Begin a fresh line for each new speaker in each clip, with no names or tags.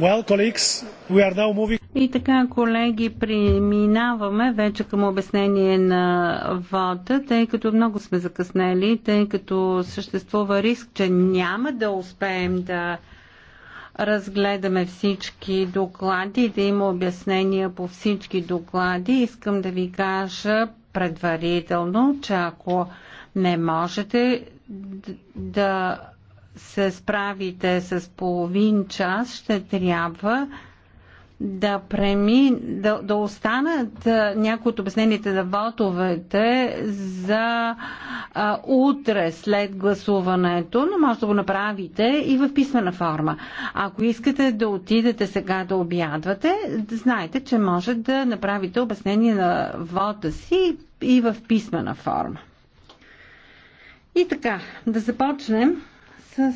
Well,
moving... И така, колеги, преминаваме вече към обяснение на вода, тъй като много сме закъснели, тъй като съществува риск, че няма да успеем да разгледаме всички доклади и да има обяснения по всички доклади. Искам да ви кажа предварително, че ако не можете да се справите с половин час, ще трябва да преми, да, да останат някои от обяснените на вотовете за а, утре след гласуването, но може да го направите и в писмена форма. Ако искате да отидете сега да обядвате, да знаете, че може да направите обяснение на вота си и в писмена форма. И така, да започнем с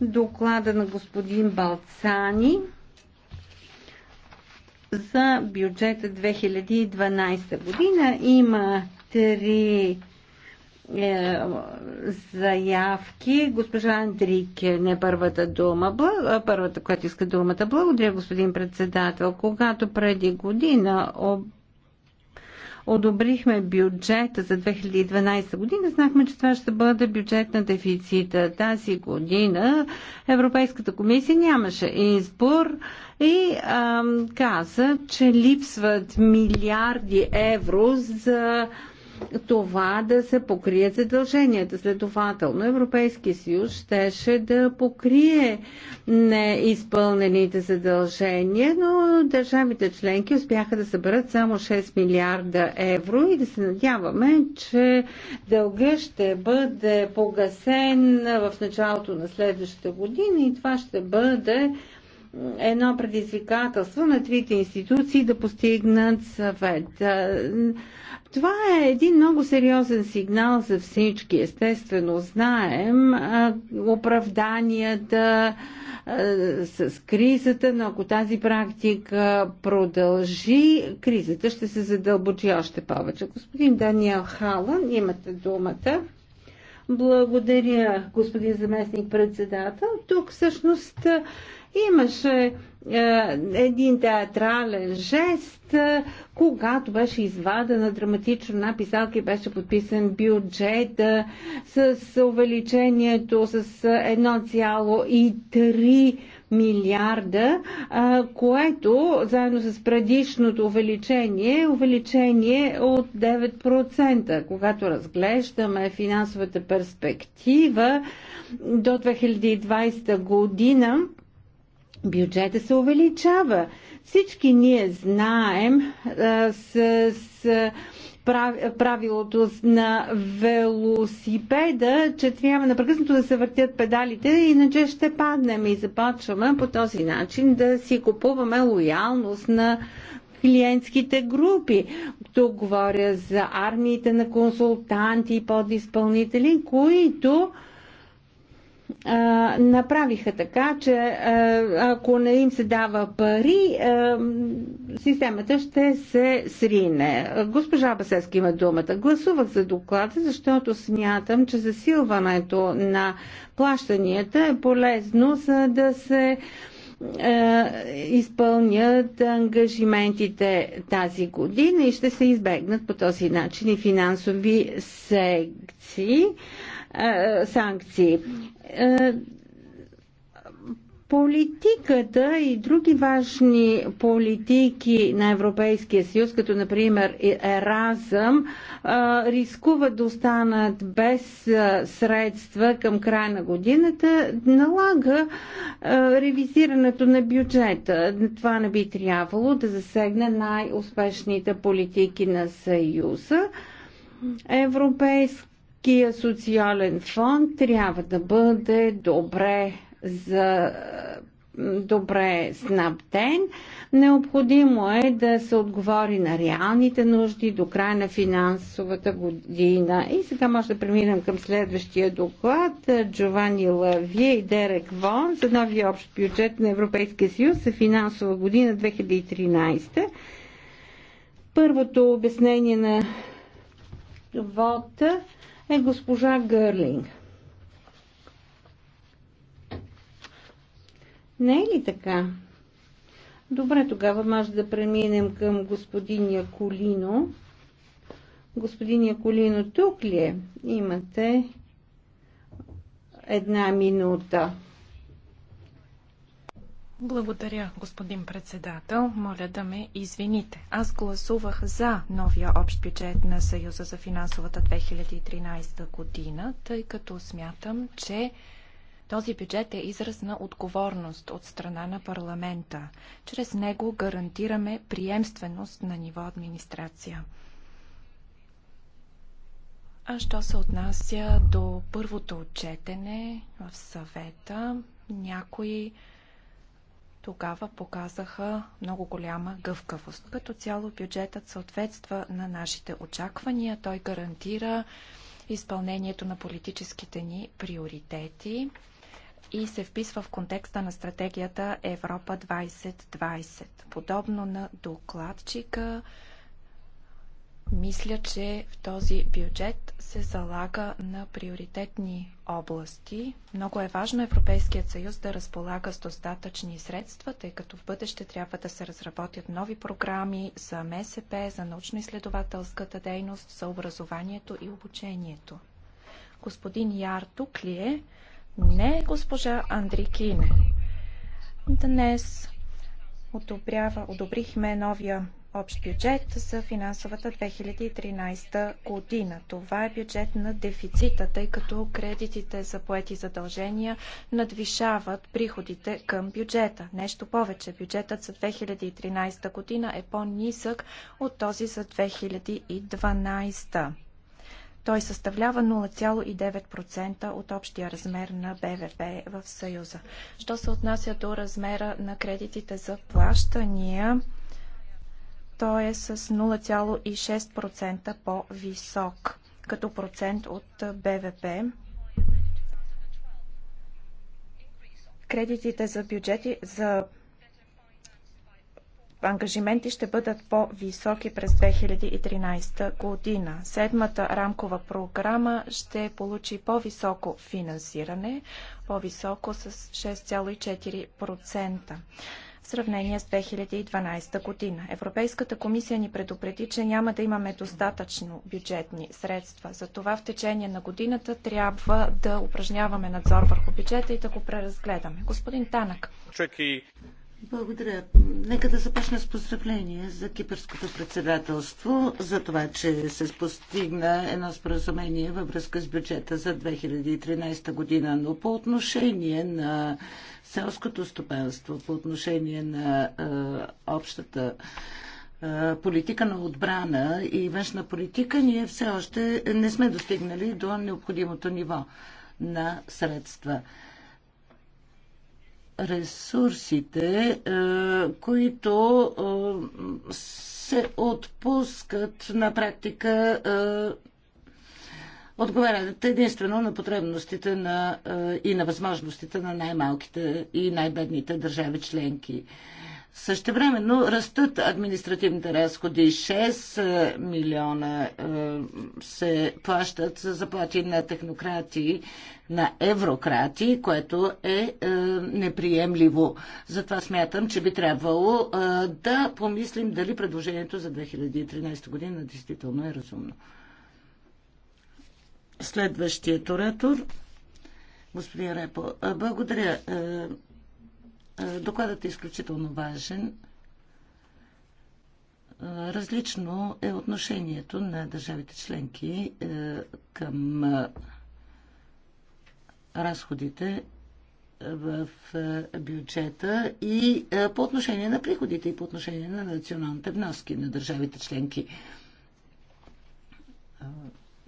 доклада на господин Балцани за бюджета 2012 година. Има три е, заявки. Госпожа Андрик не първата дума, първата, която иска думата. Благодаря, господин председател. Когато преди година об одобрихме бюджета за 2012 година, знахме, че това ще бъде бюджет на дефицита. Тази година Европейската комисия нямаше избор и ам, каза, че липсват милиарди евро за това да се покрият задълженията. Следователно Европейския съюз щеше да покрие неизпълнените задължения, но държавите членки успяха да съберат само 6 милиарда евро и да се надяваме, че дълга ще бъде погасен в началото на следващата година и това ще бъде едно предизвикателство на трите институции да постигнат съвет. Това е един много сериозен сигнал за всички. Естествено, знаем оправданията с кризата, но ако тази практика продължи, кризата ще се задълбочи още повече. Господин Даниел Халан, имате думата. Благодаря, господин заместник председател. Тук всъщност е, имаше е, един театрален жест, е, когато беше извадена драматично на писалка и беше подписан бюджет с увеличението с 1,3 милиарда, което заедно с предишното увеличение е увеличение от 9%. Когато разглеждаме финансовата перспектива до 2020 година, бюджета се увеличава. Всички ние знаем с, с правилото на велосипеда, че трябва напрекъснато да се въртят педалите, иначе ще паднем и започваме по този начин да си купуваме лоялност на клиентските групи. Тук говоря за армиите на консултанти и подизпълнители, които а, направиха така, че а, ако не им се дава пари, а, системата ще се срине. Госпожа Басески има думата. Гласувах за доклада, защото смятам, че засилването на плащанията е полезно, за да се а, е, изпълнят ангажиментите тази година и ще се избегнат по този начин и финансови секции, е, санкции е, Политиката и други важни политики на Европейския съюз, като например Еразъм, рискуват да останат без средства към края на годината, налага ревизирането на бюджета. Това не би трябвало да засегне най-успешните политики на Съюза. Европейския социален фонд трябва да бъде добре за добре снабден. Необходимо е да се отговори на реалните нужди до края на финансовата година. И сега може да преминем към следващия доклад. Джовани Лавие и Дерек Вон за новия общ бюджет на Европейския съюз за финансова година 2013. Първото обяснение на вода е госпожа Гърлинг. Не е ли така? Добре, тогава може да преминем към господин Яколино. Господин Яколино, тук ли е? Имате една минута.
Благодаря, господин председател. Моля да ме извините. Аз гласувах за новия общ бюджет на Съюза за финансовата 2013 година, тъй като смятам, че този бюджет е израз на отговорност от страна на парламента. Чрез него гарантираме приемственост на ниво администрация. А що се отнася до първото отчетене в съвета, някои тогава показаха много голяма гъвкавост. Като цяло бюджетът съответства на нашите очаквания. Той гарантира изпълнението на политическите ни приоритети и се вписва в контекста на стратегията Европа 2020. Подобно на докладчика, мисля, че в този бюджет се залага на приоритетни области. Много е важно Европейският съюз да разполага с достатъчни средства, тъй като в бъдеще трябва да се разработят нови програми за МСП, за научно-изследователската дейност, за образованието и обучението. Господин Яр тук ли е? Не, госпожа Андрикине. Днес одобрява, одобрихме новия общ бюджет за финансовата 2013 година. Това е бюджет на дефицита, тъй като кредитите за поети задължения надвишават приходите към бюджета. Нещо повече, бюджетът за 2013 година е по-нисък от този за 2012. Той съставлява 0,9% от общия размер на БВП в Съюза. Що се отнася до размера на кредитите за плащания, той е с 0,6% по-висок като процент от БВП. Кредитите за бюджети за ангажименти ще бъдат по-високи през 2013 година. Седмата рамкова програма ще получи по-високо финансиране, по-високо с 6,4% в сравнение с 2012 година. Европейската комисия ни предупреди, че няма да имаме достатъчно бюджетни средства. Затова в течение на годината трябва да упражняваме надзор върху бюджета и да го преразгледаме. Господин Танък. Благодаря. Нека да започна с поздравление
за кипърското председателство, за това, че се постигна едно споразумение във връзка с бюджета за 2013 година, но по отношение на селското стопанство, по отношение на е, общата е, политика на отбрана и външна политика, ние все още не сме достигнали до необходимото ниво на средства ресурсите, е, които е, се отпускат на практика е, отговарят единствено на потребностите на, е, и на възможностите на най-малките и най-бедните държави членки. Същевременно растат административните разходи. 6 е, милиона е, се плащат за заплати на технократи, на еврократи, което е неприемливо. Затова смятам, че би трябвало да помислим дали предложението за 2013 година действително е разумно. Следващият оратор, господин Репо. Благодаря. Докладът е изключително важен. Различно е отношението на държавите членки към разходите в бюджета и по отношение на приходите и по отношение на националните вноски на държавите членки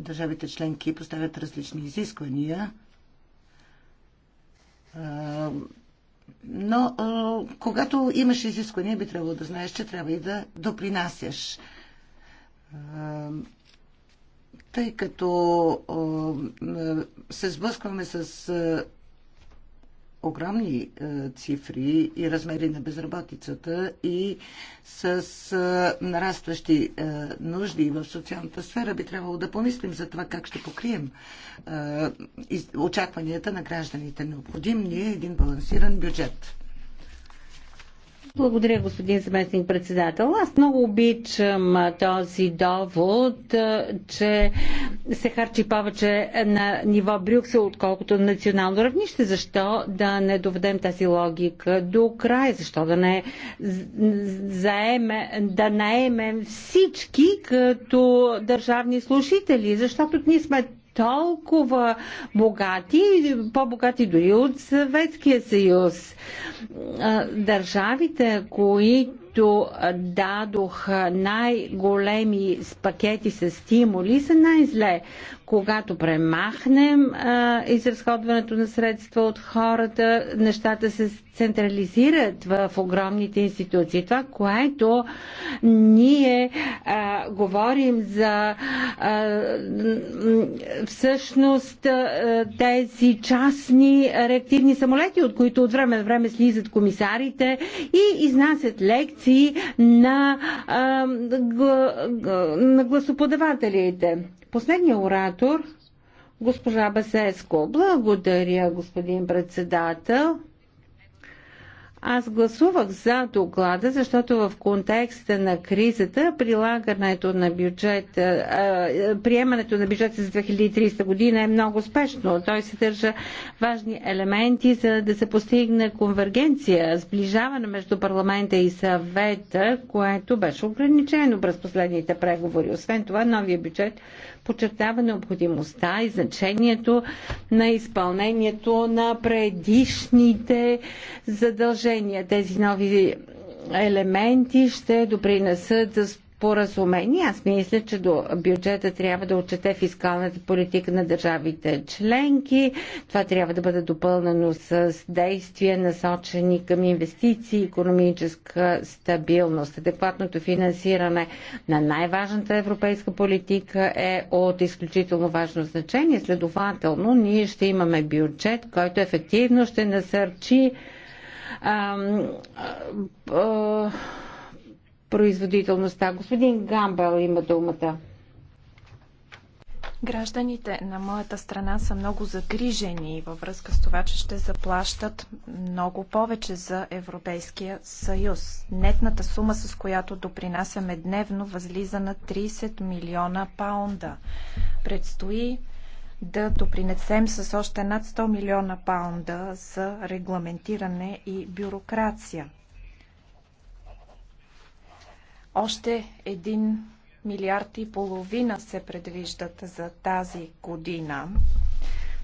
държавите членки поставят различни изисквания. Но когато имаш изисквания, би трябвало да знаеш, че трябва и да допринасяш. Тъй като се сблъскваме с огромни е, цифри и размери на безработицата и с е, нарастващи е, нужди в социалната сфера би трябвало да помислим за това как ще покрием очакванията на гражданите. Необходим ни е един балансиран бюджет.
Благодаря, господин заместник председател. Аз много обичам този довод, че се харчи повече на ниво Брюксел, отколкото на национално равнище. Защо да не доведем тази логика до край? Защо да не заеме, да наемем всички като държавни служители? Защото ние сме толкова богати, по-богати дори от Съветския съюз. Държавите, които които дадох най-големи пакети с стимули, са най-зле. Когато премахнем а, изразходването на средства от хората, нещата се централизират в огромните институции. Това, което ние а, говорим за а, всъщност а, тези частни реактивни самолети, от които от време на време слизат комисарите и изнасят лекции единици на, а, на гласоподавателите. Последният оратор, госпожа Басеско. Благодаря, господин председател. Аз гласувах за доклада, защото в контекста на кризата прилагането на бюджета, приемането на бюджета за 2030 година е много спешно. Той съдържа важни елементи за да се постигне конвергенция, сближаване между парламента и съвета, което беше ограничено през последните преговори. Освен това, новия бюджет подчертава необходимостта и значението на изпълнението на предишните задължения. Тези нови елементи ще допринесат за споразумение. Аз мисля, че до бюджета трябва да отчете фискалната политика на държавите членки. Това трябва да бъде допълнено с действия насочени към инвестиции, економическа стабилност. Адекватното финансиране на най-важната европейска политика е от изключително важно значение. Следователно, ние ще имаме бюджет, който ефективно ще насърчи ам, а, а, производителността. Господин Гамбел има думата.
Гражданите на моята страна са много загрижени във връзка с това, че ще заплащат много повече за Европейския съюз. Нетната сума, с която допринасяме дневно, възлиза на 30 милиона паунда. Предстои да допринесем с още над 100 милиона паунда за регламентиране и бюрокрация. Още един милиард и половина се предвиждат за тази година.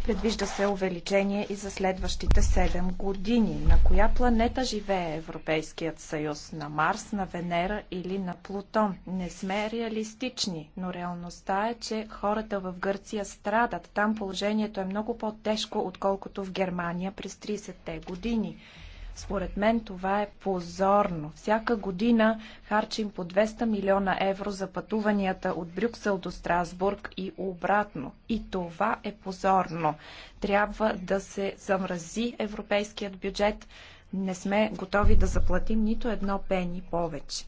Предвижда се увеличение и за следващите 7 години. На коя планета живее Европейският съюз? На Марс, на Венера или на Плутон? Не сме реалистични, но реалността е, че хората в Гърция страдат. Там положението е много по-тежко, отколкото в Германия през 30-те години. Според мен това е позорно. Всяка година харчим по 200 милиона евро за пътуванията от Брюксел до Страсбург и обратно. И това е позорно. Трябва да се замрази европейският бюджет. Не сме готови да заплатим нито едно пени повече.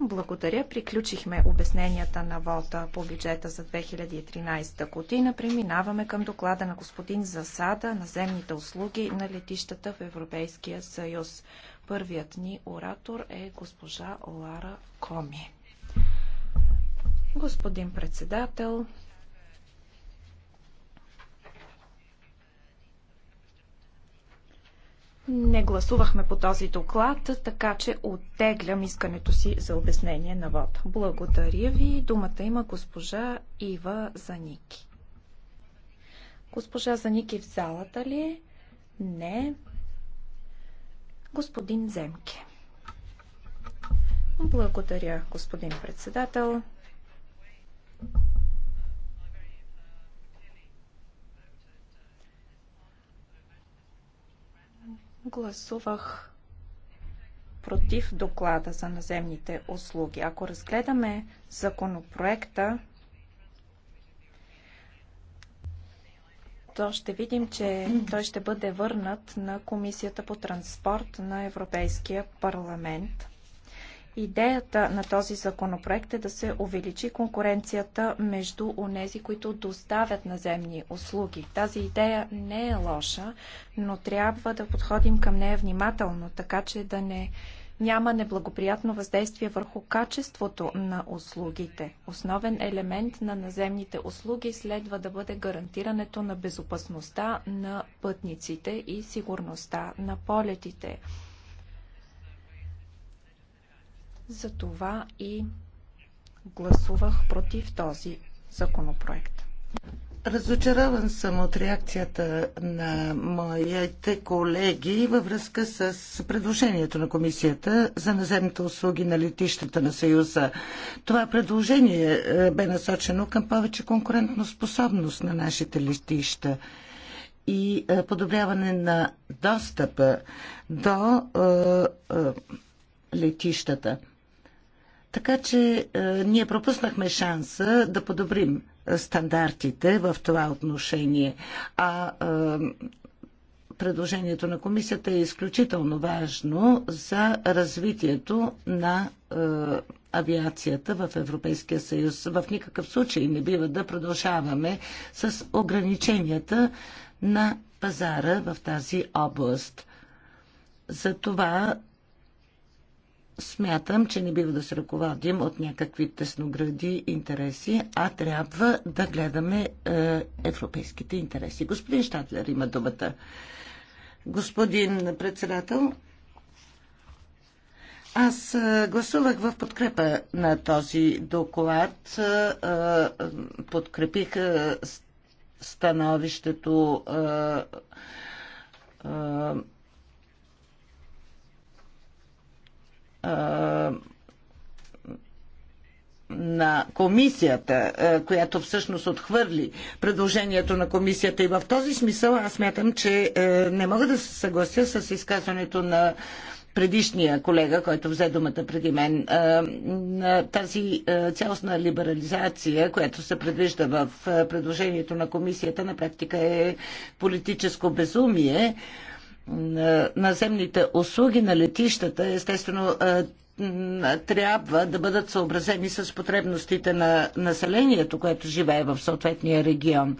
Благодаря. Приключихме обясненията на вота по бюджета за 2013 година. Преминаваме към доклада на господин Засада на земните услуги на летищата в Европейския съюз. Първият ни оратор е госпожа Лара Коми. Господин председател, Не гласувахме по този доклад, така че оттеглям искането си за обяснение на вод. Благодаря ви. Думата има госпожа Ива Заники. Госпожа Заники в залата ли е? Не. Господин Земке. Благодаря, господин председател. гласувах против доклада за наземните услуги. Ако разгледаме законопроекта, то ще видим, че той ще бъде върнат на Комисията по транспорт на Европейския парламент. Идеята на този законопроект е да се увеличи конкуренцията между онези, които доставят наземни услуги. Тази идея не е лоша, но трябва да подходим към нея внимателно, така че да не няма неблагоприятно въздействие върху качеството на услугите. Основен елемент на наземните услуги следва да бъде гарантирането на безопасността на пътниците и сигурността на полетите. Затова и гласувах против този законопроект.
Разочарован съм от реакцията на моите колеги във връзка с предложението на комисията за наземните услуги на летищата на Съюза. Това предложение е, бе насочено към повече конкурентно способност на нашите летища и е, подобряване на достъпа до е, летищата. Така че е, ние пропуснахме шанса да подобрим е, стандартите в това отношение. А е, предложението на комисията е изключително важно за развитието на е, авиацията в Европейския съюз. В никакъв случай не бива да продължаваме с ограниченията на пазара в тази област. Затова смятам, че не бива да се ръководим от някакви тесногради интереси, а трябва да гледаме е, европейските интереси. Господин Штатлер има думата. Господин председател, аз е, гласувах в подкрепа на този доклад. Е, е, подкрепих становището на комисията, която всъщност отхвърли предложението на комисията. И в този смисъл аз мятам, че не мога да се съглася с изказването на предишния колега, който взе думата преди мен, тази цялостна либерализация, която се предвижда в предложението на комисията, на практика е политическо безумие наземните услуги на летищата, естествено, трябва да бъдат съобразени с потребностите на населението, което живее в съответния регион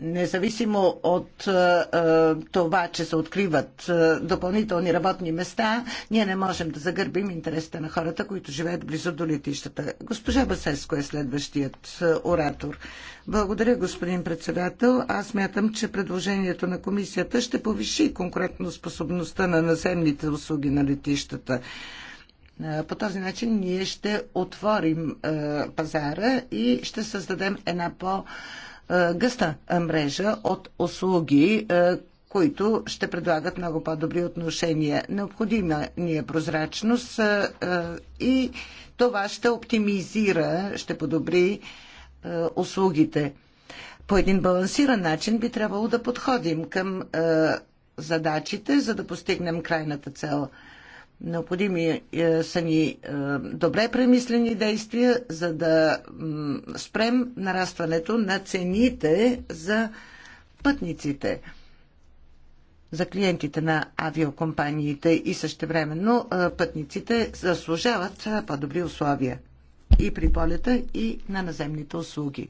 независимо от е, е, това, че се откриват е, допълнителни работни места, ние не можем да загърбим интересите на хората, които живеят близо до летищата. Госпожа Басеско е следващият оратор. Благодаря, господин председател. Аз мятам, че предложението на комисията ще повиши конкретно способността на наземните услуги на летищата. По този начин ние ще отворим пазара и ще създадем една по- е, гъста е, мрежа от услуги, е, които ще предлагат много по-добри отношения. Необходима ни е прозрачност и това ще оптимизира, ще подобри услугите. По един балансиран начин би трябвало да подходим към задачите, за да постигнем крайната цел – Необходими е, са ни е, добре премислени действия, за да спрем нарастването на цените за пътниците, за клиентите на авиокомпаниите и същевременно е, пътниците заслужават по-добри условия и при полета, и на наземните услуги.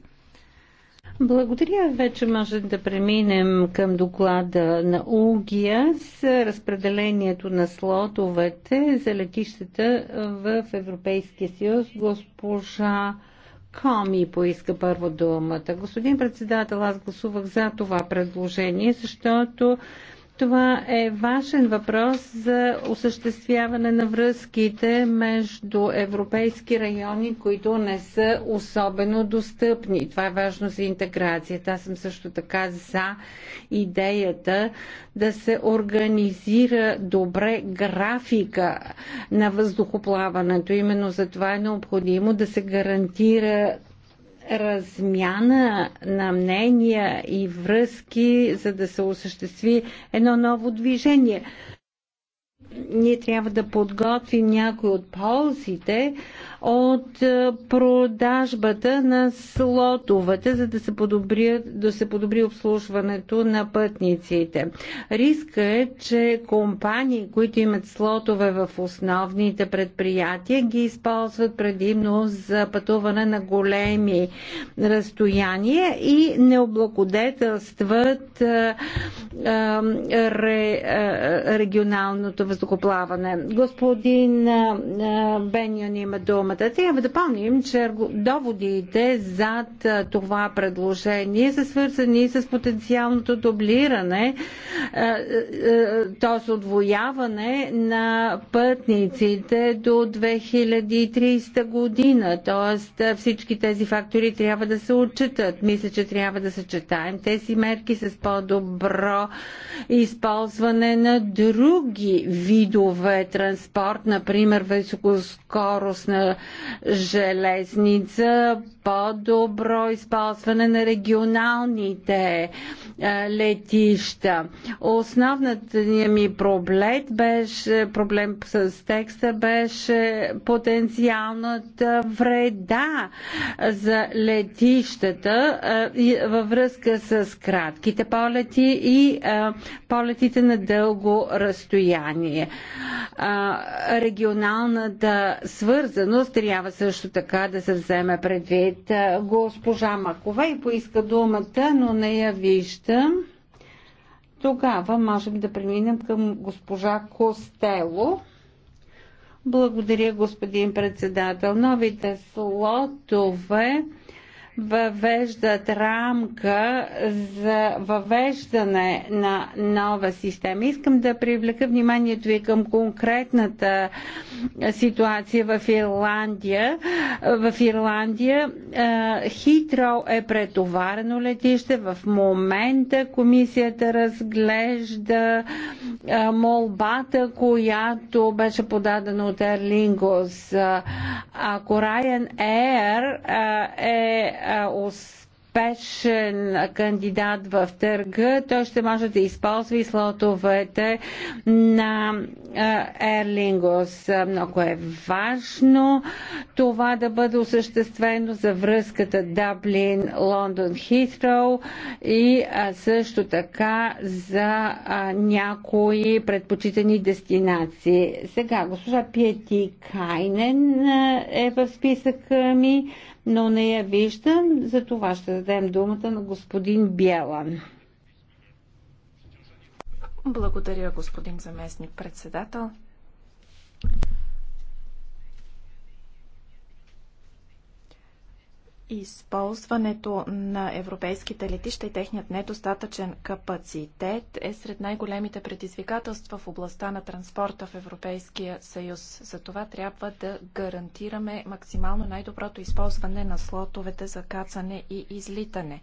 Благодаря. Вече можем да преминем към доклада на УГИА с разпределението на слотовете за летищата в Европейския съюз. Госпожа Коми поиска първо думата. Господин председател, аз гласувах за това предложение, защото това е важен въпрос за осъществяване на връзките между европейски райони, които не са особено достъпни. Това е важно за интеграцията. Аз съм също така за идеята да се организира добре графика на въздухоплаването. Именно за това е необходимо да се гарантира размяна на мнения и връзки, за да се осъществи едно ново движение. Ние трябва да подготвим някои от ползите от е, продажбата на слотовете, за да се, подобри, да се подобри обслужването на пътниците. Риска е, че компании, които имат слотове в основните предприятия, ги използват предимно за пътуване на големи разстояния и не облагодетелстват е, е, ре, регионалното въздухоплаване. Господин Беньон има дума реформата. Трябва да помним, че доводите зад това предложение са свързани с потенциалното дублиране, т.е. отвояване на пътниците до 2030 година. Т.е. всички тези фактори трябва да се отчитат. Мисля, че трябва да съчетаем тези мерки с по-добро използване на други видове транспорт, например високоскоростна железница, по-добро използване на регионалните летища. Основната ми проблем беше, проблем с текста беше потенциалната вреда за летищата във връзка с кратките полети и полетите на дълго разстояние. Регионалната свързаност трябва също така да се вземе предвид. Госпожа Макова и поиска думата, но не я виждам. Тогава можем да преминем към госпожа Костело. Благодаря, господин председател. Новите слотове въвеждат рамка за въвеждане на нова система. Искам да привлека вниманието ви към конкретната ситуация в Ирландия. В Ирландия Хитро е претоварено летище. В момента комисията разглежда молбата, която беше подадена от Air Lingus. Ако Ryanair е успешен кандидат в търга, той ще може да използва и слотовете на Ерлингос. Много е важно това да бъде осъществено за връзката Даблин-Лондон-Хитроу и също така за някои предпочитани дестинации. Сега, госпожа Пиети Кайнен е в списъка ми но не я виждам. За това ще дадем думата на господин Бялан.
Благодаря, господин заместник председател. Използването на европейските летища и техният недостатъчен капацитет е сред най-големите предизвикателства в областта на транспорта в Европейския съюз. За това трябва да гарантираме максимално най-доброто използване на слотовете за кацане и излитане.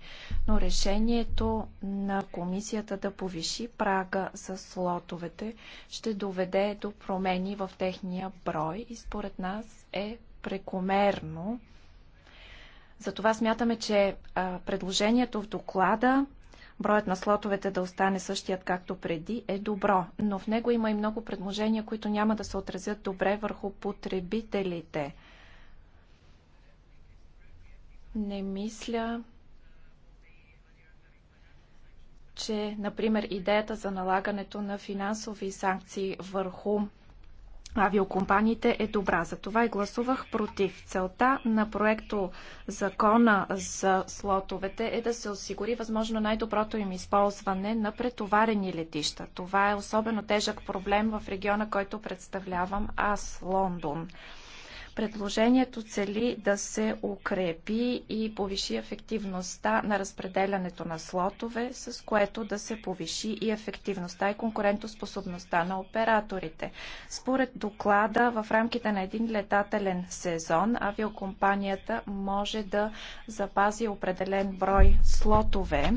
Но решението на комисията да повиши прага за слотовете ще доведе до промени в техния брой и според нас е прекомерно затова смятаме, че предложението в доклада броят на слотовете да остане същият както преди е добро, но в него има и много предложения, които няма да се отразят добре върху потребителите. Не мисля, че, например, идеята за налагането на финансови санкции върху авиокомпаниите е добра. Затова и гласувах против. Целта на проекто закона за слотовете е да се осигури възможно най-доброто им използване на претоварени летища. Това е особено тежък проблем в региона, който представлявам аз, Лондон. Предложението цели да се укрепи и повиши ефективността на разпределянето на слотове, с което да се повиши и ефективността и конкурентоспособността на операторите. Според доклада, в рамките на един летателен сезон авиокомпанията може да запази определен брой слотове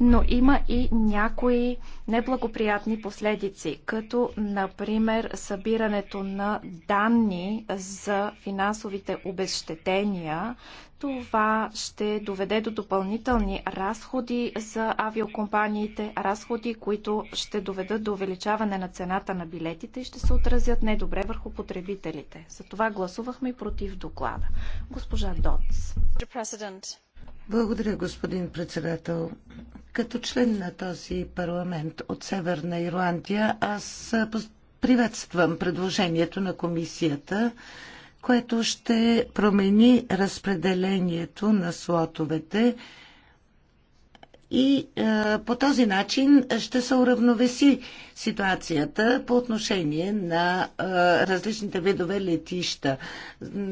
но има и някои неблагоприятни последици, като например събирането на данни за финансовите обезщетения. Това ще доведе до допълнителни разходи за авиокомпаниите, разходи, които ще доведат до увеличаване на цената на билетите и ще се отразят недобре върху потребителите. За това гласувахме против доклада. Госпожа Дотс.
Благодаря, господин председател. Като член на този парламент от Северна Ирландия, аз приветствам предложението на комисията, което ще промени разпределението на слотовете и е, по този начин ще се уравновеси ситуацията по отношение на е, различните видове летища.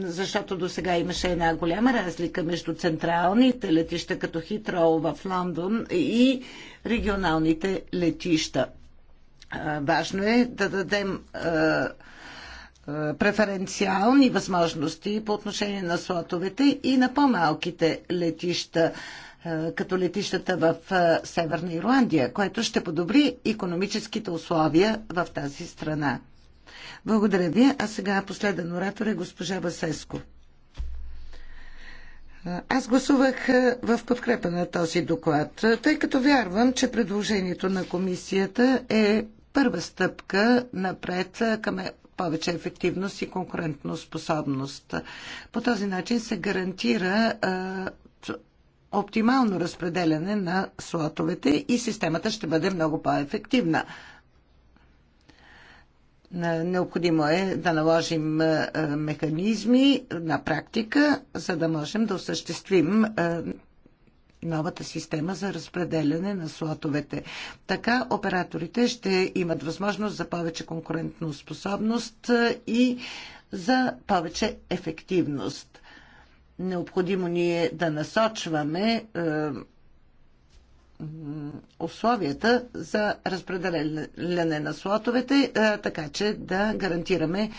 Защото до сега имаше една голяма разлика между централните летища като Хитроу в Лондон и регионалните летища. Е, важно е да дадем е, е преференциални възможности по отношение на слотовете и на по-малките летища е, като летищата в е, Северна Ирландия, което ще подобри економическите условия в тази страна. Благодаря ви. А сега последен оратор е госпожа Басеско. Е, аз гласувах в подкрепа на този доклад, тъй като вярвам, че предложението на комисията е първа стъпка напред към повече ефективност и конкурентоспособност. По този начин се гарантира оптимално разпределяне на слотовете и системата ще бъде много по-ефективна. Необходимо е да наложим е, механизми на практика, за да можем да осъществим е, новата система за разпределяне на слотовете. Така операторите ще имат възможност за повече конкурентно способност е, и за повече ефективност необходимо ние да насочваме е, условията за разпределяне на слотовете, е, така че да гарантираме е,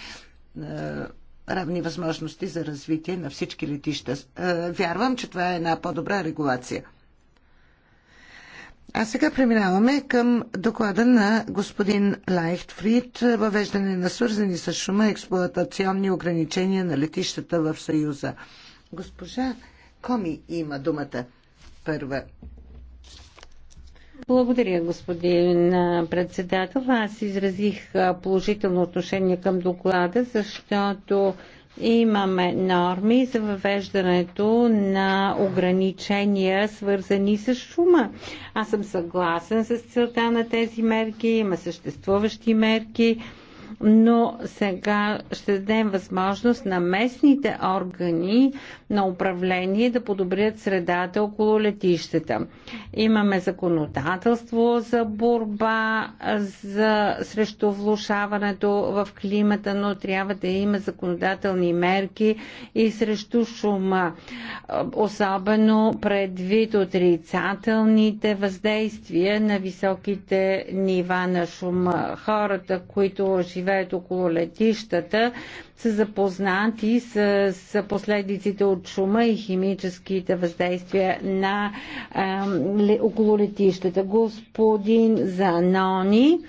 равни възможности за развитие на всички летища. Вярвам, че това е една по-добра регулация. А сега преминаваме към доклада на господин Лайхтфрид въвеждане на свързани с шума експлуатационни ограничения на летищата в Съюза. Госпожа Коми има думата първа. Благодаря,
господин председател. Аз изразих положително отношение към доклада, защото имаме норми за въвеждането на ограничения, свързани с шума. Аз съм съгласен с целта на тези мерки, има съществуващи мерки но сега ще дадем възможност на местните органи на управление да подобрят средата около летищата. Имаме законодателство за борба за, срещу влушаването в климата, но трябва да има законодателни мерки и срещу шума. Особено предвид отрицателните въздействия на високите нива на шума. Хората, които живеят живеят около летищата, са запознати с, с последиците от шума и химическите въздействия на е, около летищата. Господин Занони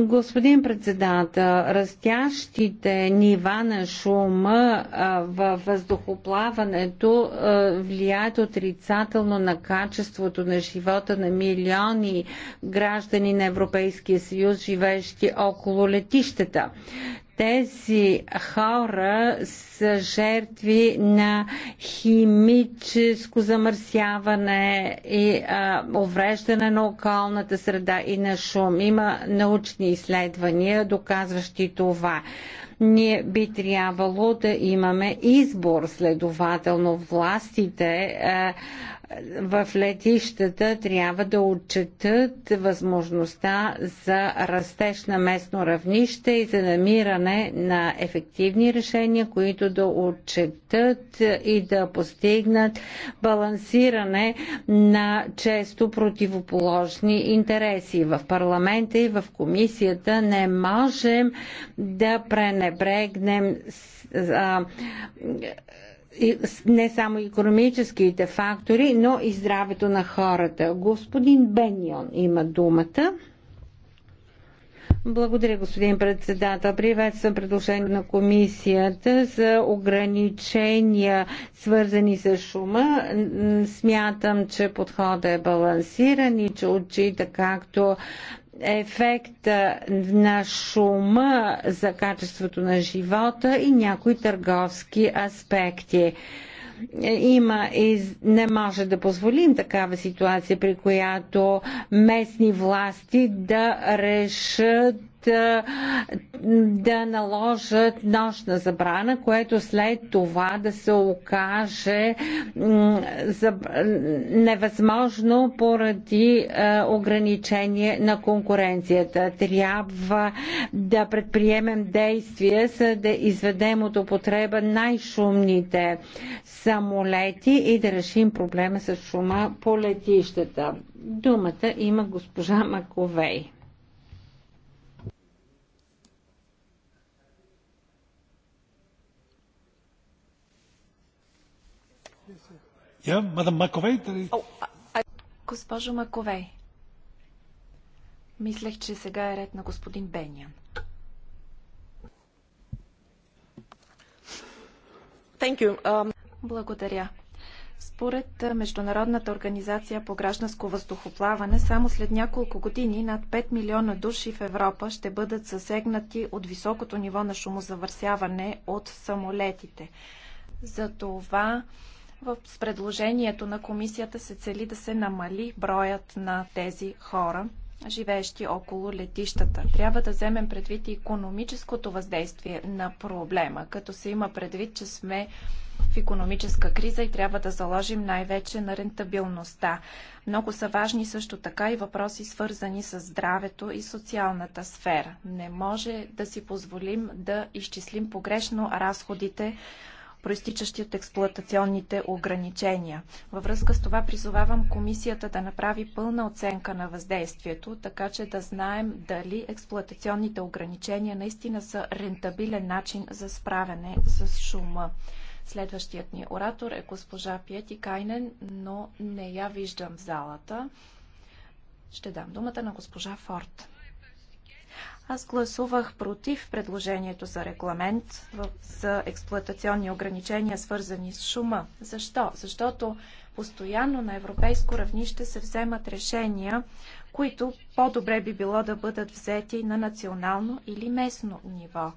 Господин председател, растящите нива на шума във въздухоплаването влияят отрицателно на качеството на живота на милиони граждани на Европейския съюз, живеещи около летищата. Тези хора са жертви на химическо замърсяване и а, увреждане на околната среда и на шум. Има научни изследвания, доказващи това ние би трябвало да имаме избор. Следователно, властите А, в летищата трябва да отчетат възможността за растеж на местно равнище и за намиране на ефективни решения, които да отчетат и да постигнат балансиране на често противоположни интереси. В парламента и в комисията не можем да пренебрегнем не само економическите фактори, но и здравето на хората. Господин Беньон има думата. Благодаря, господин председател. Приветствам предложение на комисията за ограничения, свързани с шума. Смятам, че подходът е балансиран и че отчита както ефекта на шума за качеството на живота и някои търговски аспекти. Има и не може да позволим такава ситуация, при която местни власти да решат е, да наложат нощна забрана, което след това да се окаже невъзможно поради е, ограничение на конкуренцията. Трябва да предприемем действия, за да изведем от употреба най-шумните самолети и да решим проблема с шума по летищата. Думата има госпожа Маковей.
Госпожо Маковей, мислех, че сега е ред на господин Бенян. Um, Благодаря. Според Международната организация по гражданско въздухоплаване, само след няколко години над 5 милиона души в Европа ще бъдат засегнати от високото ниво на шумозавърсяване от самолетите. За това в предложението на комисията се цели да се намали броят на тези хора, живеещи около летищата. Трябва да вземем предвид и економическото въздействие на проблема, като се има предвид, че сме в економическа криза и трябва да заложим най-вече на рентабилността. Много са важни също така и въпроси свързани с здравето и социалната сфера. Не може да си позволим да изчислим погрешно разходите проистичащи от експлоатационните ограничения. Във връзка с това призовавам комисията да направи пълна оценка на въздействието, така че да знаем дали експлоатационните ограничения наистина са рентабилен начин за справяне с шума. Следващият ни оратор е госпожа Пиети Кайнен, но не я виждам в залата. Ще дам думата на госпожа Форд. Аз гласувах против предложението за регламент за експлуатационни ограничения, свързани с шума. Защо? Защото постоянно на европейско равнище се вземат решения, които по-добре би било да бъдат взети на национално или местно ниво.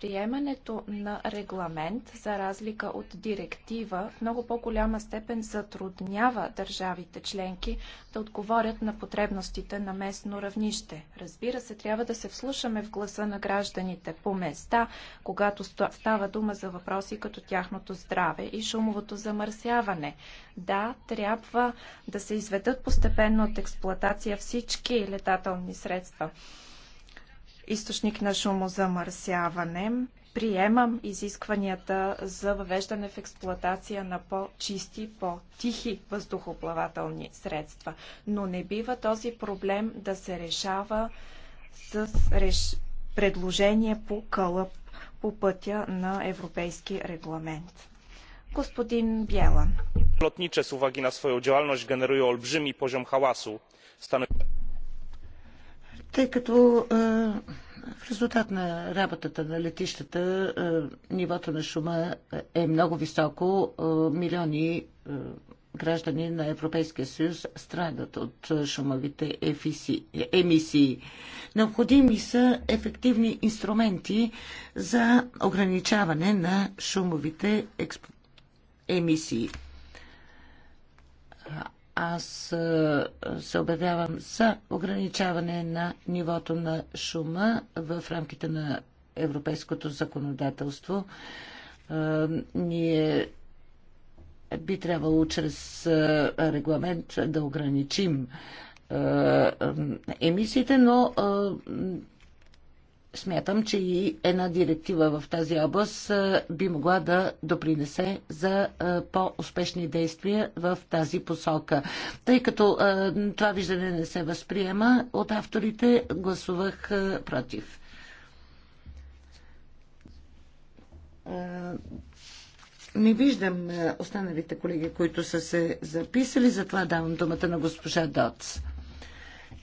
Приемането на регламент, за разлика от директива, в много по-голяма степен затруднява държавите членки да отговорят на потребностите на местно равнище. Разбира се, трябва да се вслушаме в гласа на гражданите по места, когато става дума за въпроси като тяхното здраве и шумовото замърсяване. Да, трябва да се изведат постепенно от експлоатация всички летателни средства източник на шумозамърсяване. Приемам изискванията за въвеждане в експлоатация на по-чисти, по-тихи въздухоплавателни средства, но не бива този проблем да се решава с реш... предложение по кълъп по пътя на европейски регламент. Господин Бялан. Lotnicze с уваги на своя дейност generują огромен poziom хаос.
Тъй като в резултат на работата на летищата нивото на шума е много високо, милиони граждани на Европейския съюз страдат от шумовите емисии. Необходими са ефективни инструменти за ограничаване на шумовите емисии аз се обявявам за ограничаване на нивото на шума в рамките на европейското законодателство. Ние би трябвало чрез регламент да ограничим емисиите, но смятам, че и една директива в тази област би могла да допринесе за по-успешни действия в тази посока. Тъй като това виждане не се възприема от авторите, гласувах против. Не виждам останалите колеги, които са се записали, затова давам думата на госпожа Доц.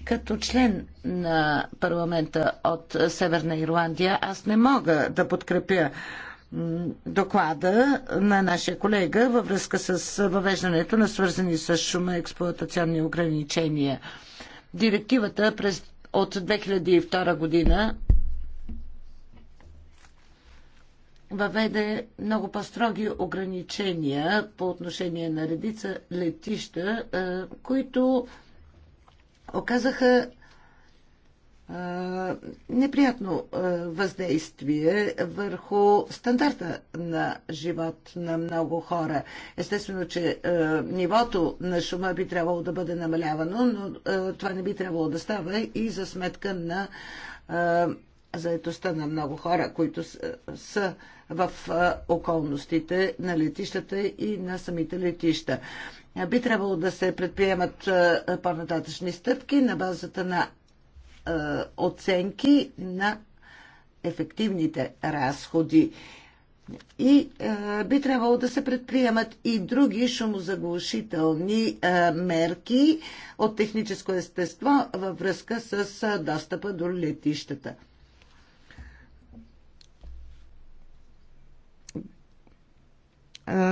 Като член на парламента от Северна Ирландия, аз не мога да подкрепя доклада на нашия колега във връзка с въвеждането на свързани с шума експлуатационни ограничения. Директивата през, от 2002 година въведе много по-строги ограничения по отношение на редица летища, е, които оказаха неприятно въздействие върху стандарта на живот на много хора. Естествено, че нивото на шума би трябвало да бъде намалявано, но това не би трябвало да става и за сметка на заетостта на много хора, които са в околностите на летищата и на самите летища. Е, би трябвало да се предприемат е, по-нататъчни стъпки на базата на е, оценки на ефективните разходи. И е, би трябвало да се предприемат и други шумозаглушителни е, мерки от техническо естество във връзка с е, достъпа до летищата.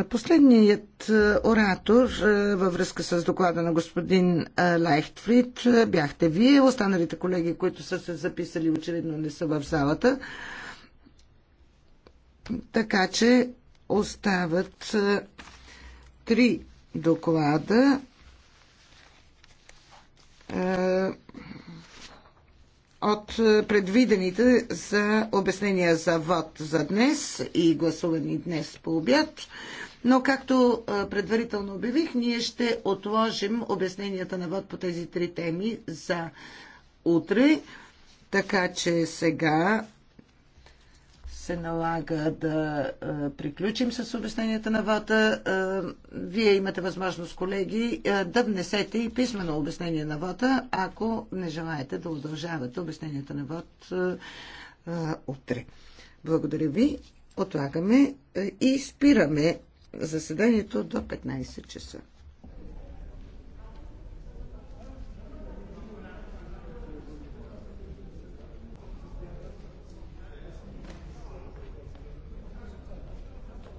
Последният оратор във връзка с доклада на господин Лайхтфрид бяхте вие. Останалите колеги, които са се записали, очевидно не са в залата. Така че остават три доклада от е, предвидените за обяснения за вод за днес и гласувани днес по обяд. Но както е, предварително обявих, ние ще отложим обясненията на вод по тези три теми за утре. Така че сега се налага да приключим с обясненията на вода. Вие имате възможност, колеги, да внесете и писмено обяснение на вода, ако не желаете да удължавате обясненията на вод утре. Благодаря ви. Отлагаме и спираме заседанието до 15 часа.